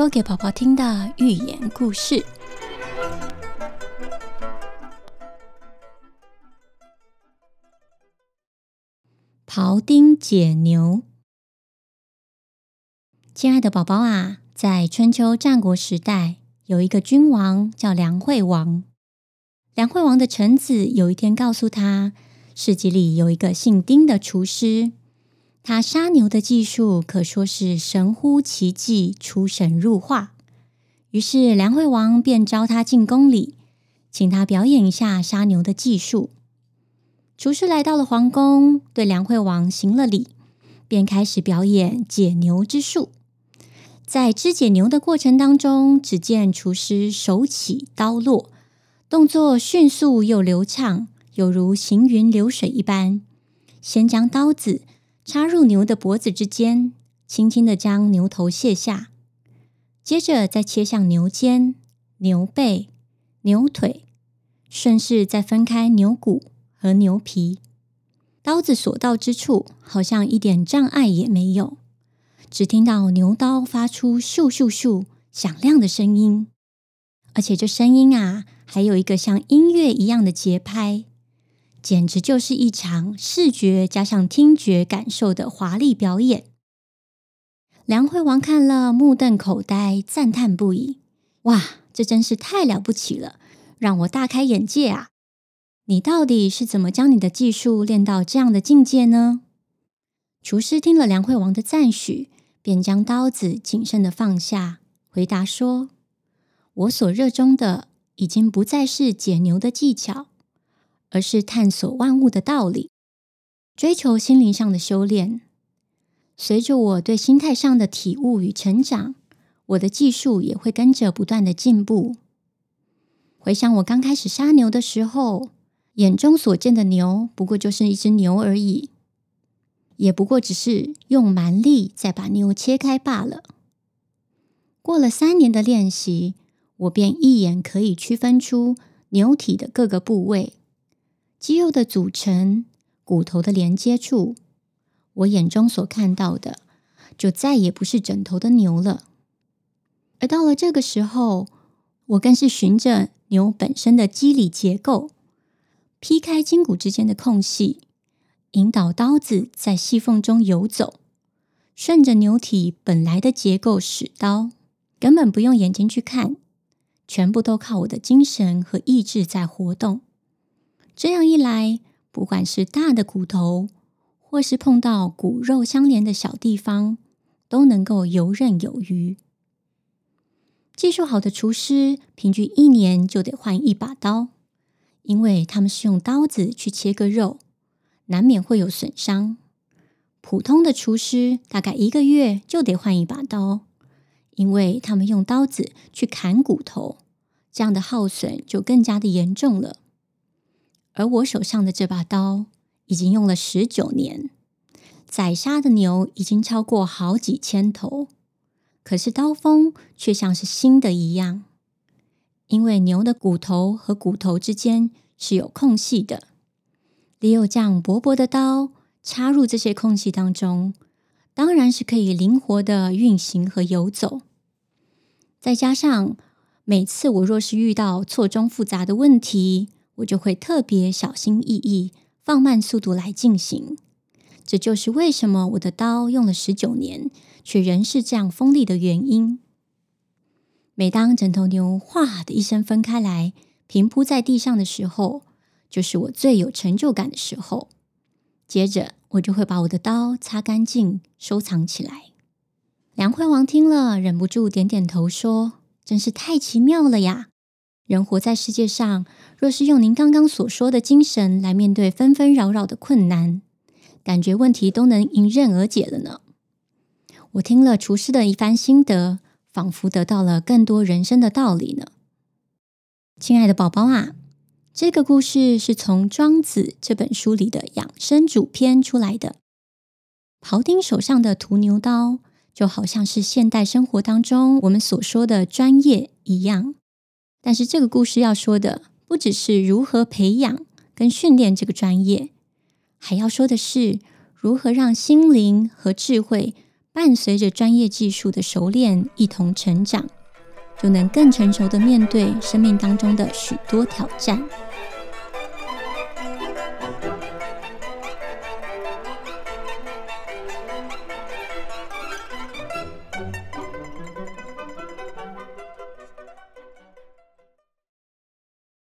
說給寶寶聽的寓言故事：庖丁解牛。親愛的寶寶啊，在春秋戰國時代，有一個君王叫梁惠王。梁惠王的臣子有一天告訴他，市集裡有一個姓丁的廚師。他殺牛的技術可說是神乎其技、出神入化。於是梁惠王便招他進宮裡，請他表演一下殺牛的技術。廚師來到了皇宮，對梁惠王行了禮，便開始表演解牛之術。在肢解牛的過程當中，只見廚師手起刀落，動作迅速又流暢，猶如行雲流水一般。先將刀子，插入牛的脖子之間，輕輕地將牛頭卸下，接着再切向牛肩、牛背、牛腿，順勢再分開牛骨和牛皮。刀子所到之處，好像一點障礙也沒有，只聽到牛刀發出“咻咻咻”響亮的聲音，而且這聲音啊，還有一個像音樂一樣的節拍。簡直就是一場視覺加上聽覺感受的華麗表演。梁惠王看了，目瞪口呆，讚嘆不已：“哇，這真是太了不起了，讓我大開眼界啊！你到底是怎麼將你的技術練到這樣的境界呢？”廚師聽了梁惠王的讚許，便將刀子謹慎地放下，回答說：“我所熱衷的，已經不再是解牛的技巧。”而是探索萬物的道理，追求心靈上的修煉。隨着我對心態上的體悟與成長，我的技術也會跟着不斷的進步。回想我剛開始殺牛的時候，眼中所見的牛不過就是一隻牛而已，也不過只是用蠻力再把牛切開罷了。過了三年的練習，我便一眼可以區分出牛體的各個部位。肌肉的組成，骨頭的連接處，我眼中所看到的，就再也不是整頭的牛了。而到了這個時候，我更是循着牛本身的肌理結構，劈開筋骨之間的空隙，引導刀子在細縫中游走，順着牛體本來的結構使刀，根本不用眼睛去看，全部都靠我的精神和意志在活動。這樣一來，不管是大的骨頭，或是碰到骨肉相連的小地方，都能夠游刃有餘。技術好的廚師，平均一年就得換一把刀，因為他們是用刀子去切割肉，難免會有損傷。普通的廚師，大概一個月就得換一把刀，因為他們用刀子去砍骨頭，這樣的耗損就更加的嚴重了。而我手上的這把刀已經用了十九年，宰殺的牛已經超過好幾千頭，可是刀鋒卻像是新的一樣。因為牛的骨頭和骨頭之間是有空隙的，利用這樣薄薄的刀插入這些空隙當中，當然是可以靈活的運行和游走。再加上每次我若是遇到錯綜複雜的問題，我就會特別小心翼翼，放慢速度來進行。這就是為什麼我的刀用了十九年，卻仍是這樣鋒利的原因。每當整頭牛“嘩”的一聲分開來，平鋪在地上的時候，就是我最有成就感的時候。接着，我就會把我的刀擦乾淨，收藏起來。梁惠王聽了，忍不住點點頭，說：“真是太奇妙了呀！”人活在世界上，若是用您剛剛所說的精神來面對紛紛擾擾的困難，感覺問題都能迎刃而解了呢。我聽了廚師的一番心得，仿佛得到了更多人生的道理呢。親愛的寶寶啊，這個故事是從《莊子》這本書裡的《養生主》篇出來的。庖丁手上的屠牛刀，就好像是現代生活當中我們所說的專業一樣。但是這個故事要說的不只是如何培養跟訓練這個專業，還要說的是如何讓心靈和智慧伴隨着專業技術的熟練一同成長，就能更成熟的面對生命當中的許多挑戰。